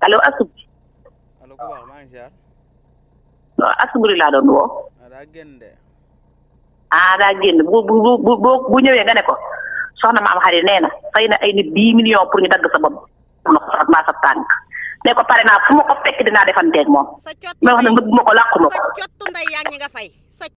allo asub allo ku baax maa ngi ziar waaw asuburi laa doon woo ah, daa génn de ah daa génn bu bu bu bu ñëwee nga ne ko soxna maam xarit nee na fay na ay nit dix million pour ñu dagg sa bopp na maa sa tànk ne ko pare naa fu ma ko fekk dinaa defanteeg moom mais wax na mbëgg ma ko làqu ma ko